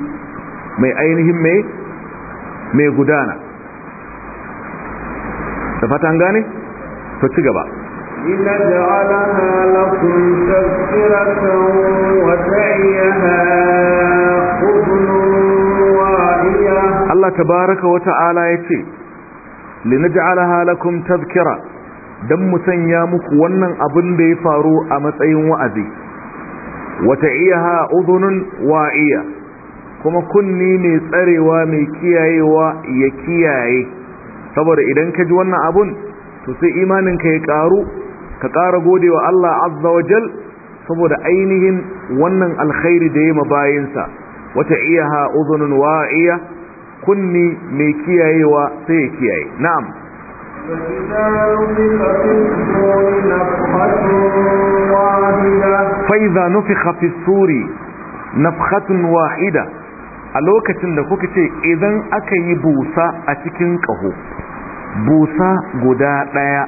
Speaker 1: mai ainihin mai mai gudana da fatan gane to ci gaba Ina لنجعلها لكم iya وتعيها Allah tabaraka wa ta'ala ya ce linaj'alaha lakum tadhkira dan mu sanya muku wannan abin da ya faru a matsayin wa'azi wata iya udhunun wa'iya kuma kunni mai tsarewa mai kiyayewa ya kiyaye saboda idan ka ji wannan abun to sai imaninka ya ƙaru, ka ƙara gode wa Allah azza wa jal saboda ainihin wannan alkhairi da ya bayansa, wata iya udhunun wa'iya kunni mai kiyayewa sai ya kiyaye na'am faiza nufikha fi suri nafhatun wahida a lokacin da kuka ce idan aka yi busa a cikin ƙaho busa guda ɗaya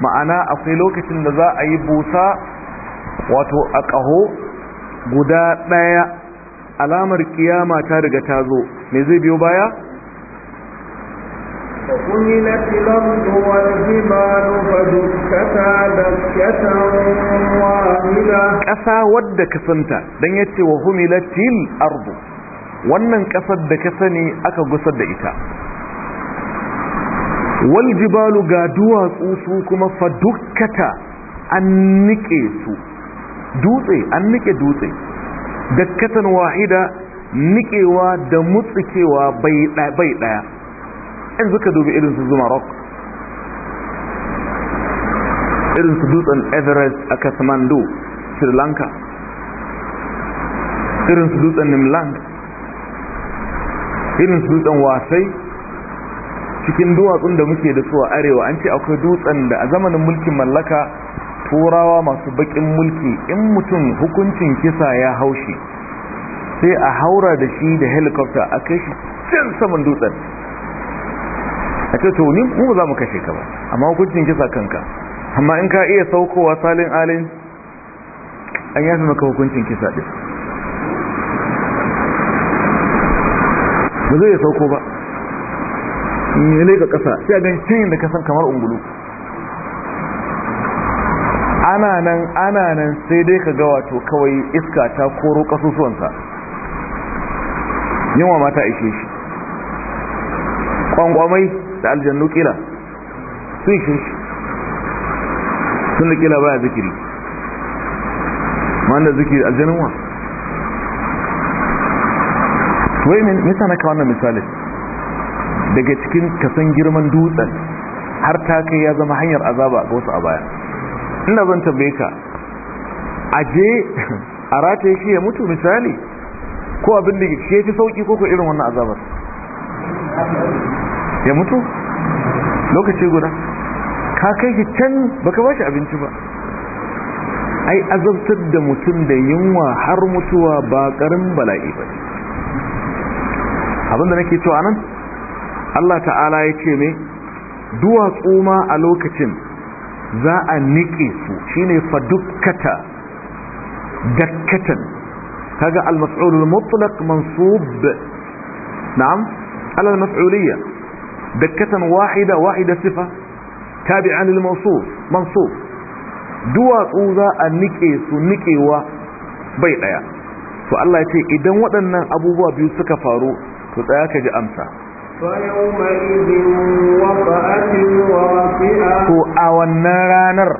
Speaker 1: ma'ana akwai lokacin da za a yi busa wato a ƙaho guda ɗaya alamar kiyama ta riga ta zo me zai biyo baya Ƙasa wadda kasanta dan دكة wa كسا ود كسنتا wannan kasar da ka sani aka gusar da ita wal jibalu ga duwatsu su kuma fa dukkata an su dutse an nike dutse dakkatan wahida niƙewa da mutsikewa bai ɗaya in zuka dubi irin su zuma rock irin su dutsen everest a kathmandu sri lanka irin su dutsen nimland irin su dutsen wasai cikin duwatsun da muke da su a arewa an ce akwai dutsen da a zamanin mulkin mallaka turawa masu bakin mulki in mutum hukuncin kisa ya haushi sai a haura da shi da helicopter a kai shi can saman dutsen a ce to ni mu za mu kashe ka ba amma hukuncin kisa kanka amma in ka iya saukowa salin alin an yafi maka hukuncin kisa din ba zai sauko ba in yi ga kasa sai a gan cin da kasan kamar ungulu ana nan ana nan sai dai ka ga wato kawai iska ta koro kasusuwansa yunwa mata ishe shi kwangwamai da aljannu kila sun ishe shi sun da kila baya zikiri wanda da zikiri aljannuwa wai nisa na kawo misali daga cikin kasan girman dutsen har ta kai ya zama hanyar azaba ga wasu a baya ina zan tambaye ka aje a rataye shi ya mutu misali ko abin da ke fi sauki ko irin wannan azabar ya mutu lokaci guda ka kai shi can baka bashi abinci ba ai azabtar da mutum da yunwa har mutuwa ba karin bala'i ba abinda nake cewa nan Allah ta'ala ya ce ne duwatsu ma a lokacin za a niƙe su shine fa dukkata dakkatan kaga al-maf'ul al-mutlaq mansub na'am ala al-maf'uliyya dakkatan wahida wahida sifa tabi'an lil-mawsuf mansub duwatsu za a niƙe su niƙewa bai daya to Allah ya ce idan waɗannan abubuwa biyu suka faru to tsaya ka ji amsa to a wannan ranar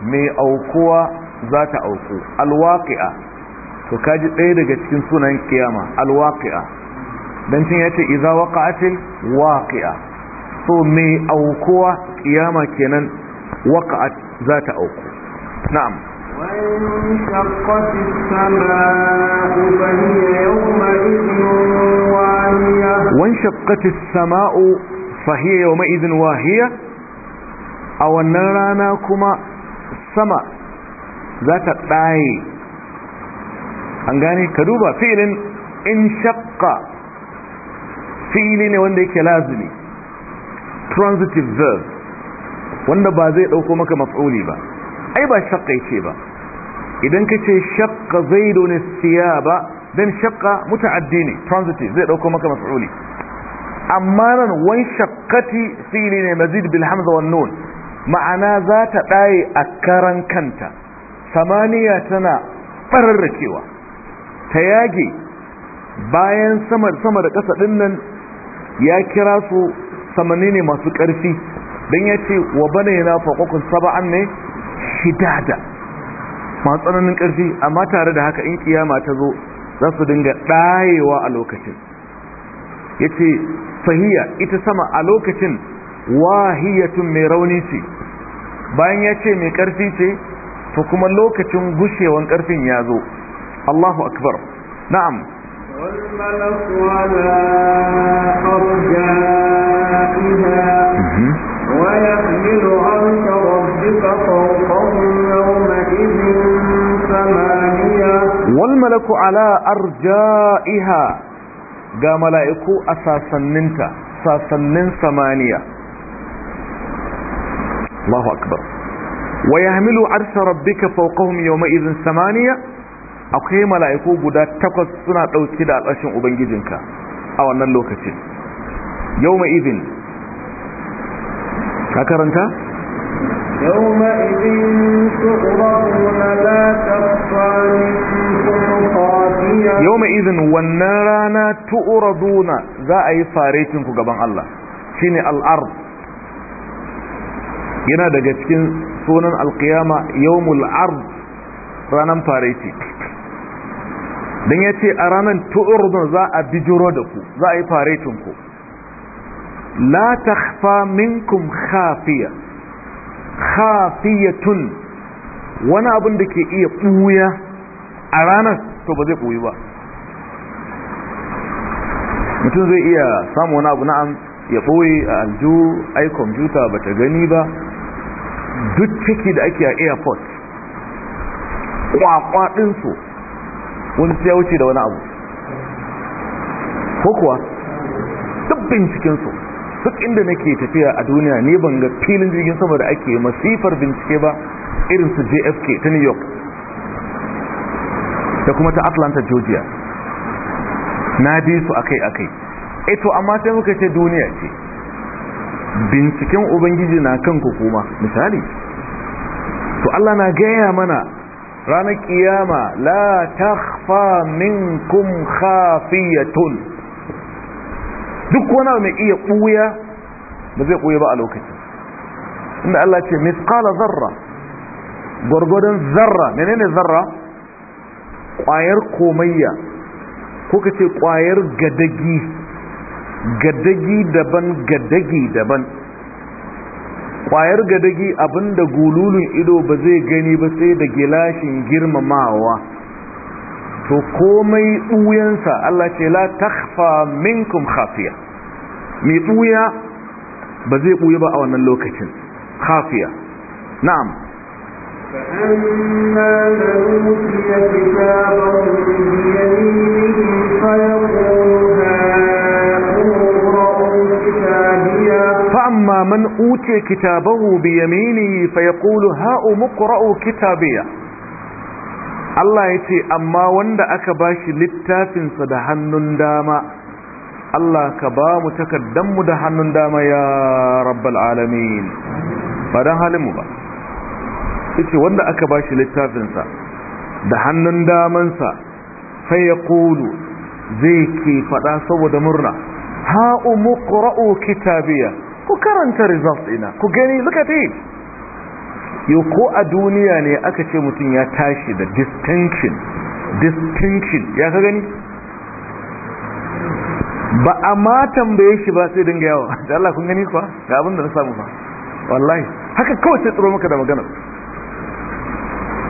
Speaker 1: mai aukuwa za ta auku alwaƙi'a to kaji ɗaya daga cikin sunan kiyama alwaƙi'a don cin yace iza waƙa'atin waƙi'a so mai aukuwa kiyama kenan waƙa'at za ta auku na'am وانشقت السماء فهي يومئذ وانشقت السماء فهي يومئذ واهية أو النرانا كما السماء ذات الطاي أنقاني كدوبة فعل انشق فعل وانديك لازمي transitive verb wanda ba zai ɗauko maka maf'uli ba ai ba shakka yake ba idan ka ce shakka zaidun siyaba dan shaqqa muta'addi ne transitive zai dauko maka maf'uli amma nan wani shaqqati fi'li ne mazid bil hamza wan nun ma'ana za ta daye a karan kanta samaniya tana fararrakewa ta yage bayan sama sama da ƙasa din nan ya kira su samani ne masu ƙarfi dan yace wa yana faqakum sab'an ne shidada masu tsananin ƙarfi amma tare da haka in kiyama ta zo za su dinga ɗayewa a lokacin ya ce fahiya ita sama a lokacin wahiyatun mai rauni ce bayan ya ce mai ƙarfi ce to kuma lokacin gushewan ƙarfin ya zo allahu akbar na'am
Speaker 3: والملك على أرجائها ويحمل عرش ربك فوقهم يوم
Speaker 1: malaku ala arja'iha ga mala'iku a sasanninta sasannin samaniya Allahu akbar wa yahmilu arsha rabbika fawqahum yawma idhin samaniya akwai mala'iku guda takwas suna dauke da tsashin ubangijinka a wannan lokacin yawma idhin ka karanta
Speaker 3: يومئذ تغرضون لا تخفى
Speaker 1: منكم خافية يومئذ والنارانا تغرضون ذا أي فاريتنكم قبان الله شيني الأرض yana daga cikin sunan alkiyama yawmul ard ranan fareti dan yace a ranar tu'urdun za a bijiro da ku za a yi faretin la minkum khafiya khafiyatun wani abin da ke iya ɓuya a ranar to ba zai ɓuyi ba mutum zai iya samu wani abu na'am ya ɓoye a aljo ai kwamfuta ba ta gani ba duk ciki da ake a airport kwakwa ɗinsu wani ya wuce da wani abu ko kuwa duk bincikinsu duk inda nake tafiya a duniya ne ban ga filin jirgin sama da ake masifar bincike ba irin su JFK ta New York da kuma ta Atlanta Georgia na bi su akai akai eto eh amma sai muka ce duniya ce binciken ubangiji na kan ku kuma misali to Allah na gaya mana ranar kiyama la takhfa minkum khafiyatun duk wani mai iya ɓuya ba zai ɓuya ba a lokacin inda Allah ce misqala zarra gwargwadon zarra menene zarra ƙwayar komayya ko ka ce ƙwayar gadagi gadagi daban gadagi daban kwayar gadagi abinda gululun ido ba zai gani ba sai da gilashin girmamawa to komai ɓuyansa Allah ce la takfa minkum khafiya mai ɓuya ba zai ɓuya ba a wannan lokacin khafiya na'am فأما من أوتي كتابه بيمينه فيقول فأما من أوتي كتابه بيمينه فيقول هاؤم اقرأوا كتابيه Allah ya ce amma wanda aka ba shi littafinsa da hannun dama Allah ka ba mu da hannun dama ya rabbal alamin ba don halinmu ba ce wanda aka ba shi littafinsa da hannun damansa sai ya kulu zai ke faɗa saboda murna ha'u muqra'u kitabiya ku karanta results ina ku gani look at it yau ko a duniya ne aka ce mutum ya tashi da distinction distinction ya ka gani ba a ma tambaye shi ba sai dinga yawa da Allah kun gani kuwa ga abin da na samu ba wallahi haka kawai sai tsoro maka da magana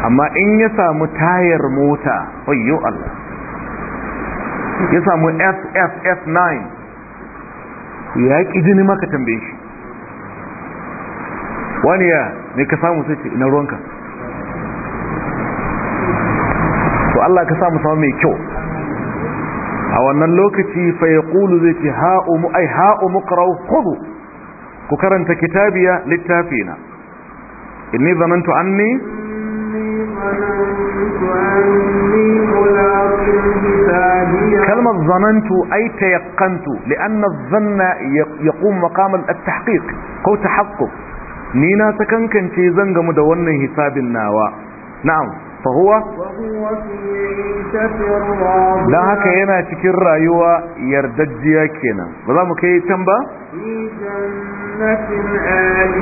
Speaker 1: amma in ya samu tayar mota wayo Allah ya samu ff 9 ya ki jini maka tambaye shi wani ya ne ka samu sai ce ina ruwanka to Allah ka samu samu mai kyau a wannan lokaci fa yaqulu zai ce ha'u mu ai ha'u muqra'u khudu ku karanta kitabiya littafina inni zamantu anni كلمة ظننت أي تيقنت لأن الظن يقوم مقام التحقيق أو تحقق ni na ta kankance zan gamu da wannan hisabin nawa na'am fa huwa dan haka yana cikin rayuwa yardajjiya kenan ba za mu kai can ba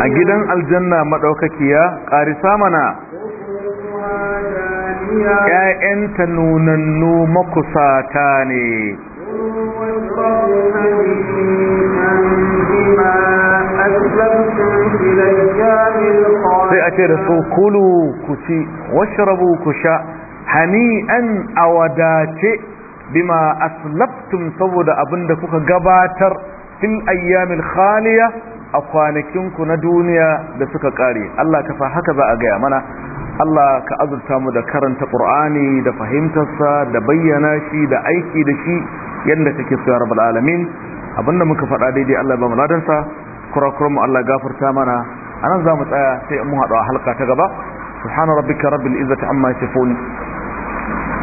Speaker 1: a gidan aljanna madaukakiya Ƙari mana ‘ya'yanta nunannu makusata ne sai a ce da su kulu ku ci washrabu ku sha hani'an a wadace bima aslaftum saboda abin da kuka gabatar fil ayyamin khaliya a kwanakinku na duniya da suka kare Allah ka fa haka za a gaya mana Allah ka azurta mu da karanta Qur'ani da fahimtarsa da bayyana shi da aiki da shi yadda kake so ya rabbal alamin abinda muka faɗa daidai Allah ba mu ladansa kurakuran mu Allah gafarta mana anan za mu tsaya sai mu haɗu a halka ta gaba subhana rabbika rabbil izzati amma yasifun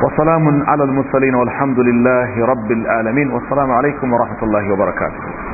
Speaker 1: wa salamun ala al mursalin walhamdulillahi rabbil alamin wassalamu alaikum wa rahmatullahi wa barakatuh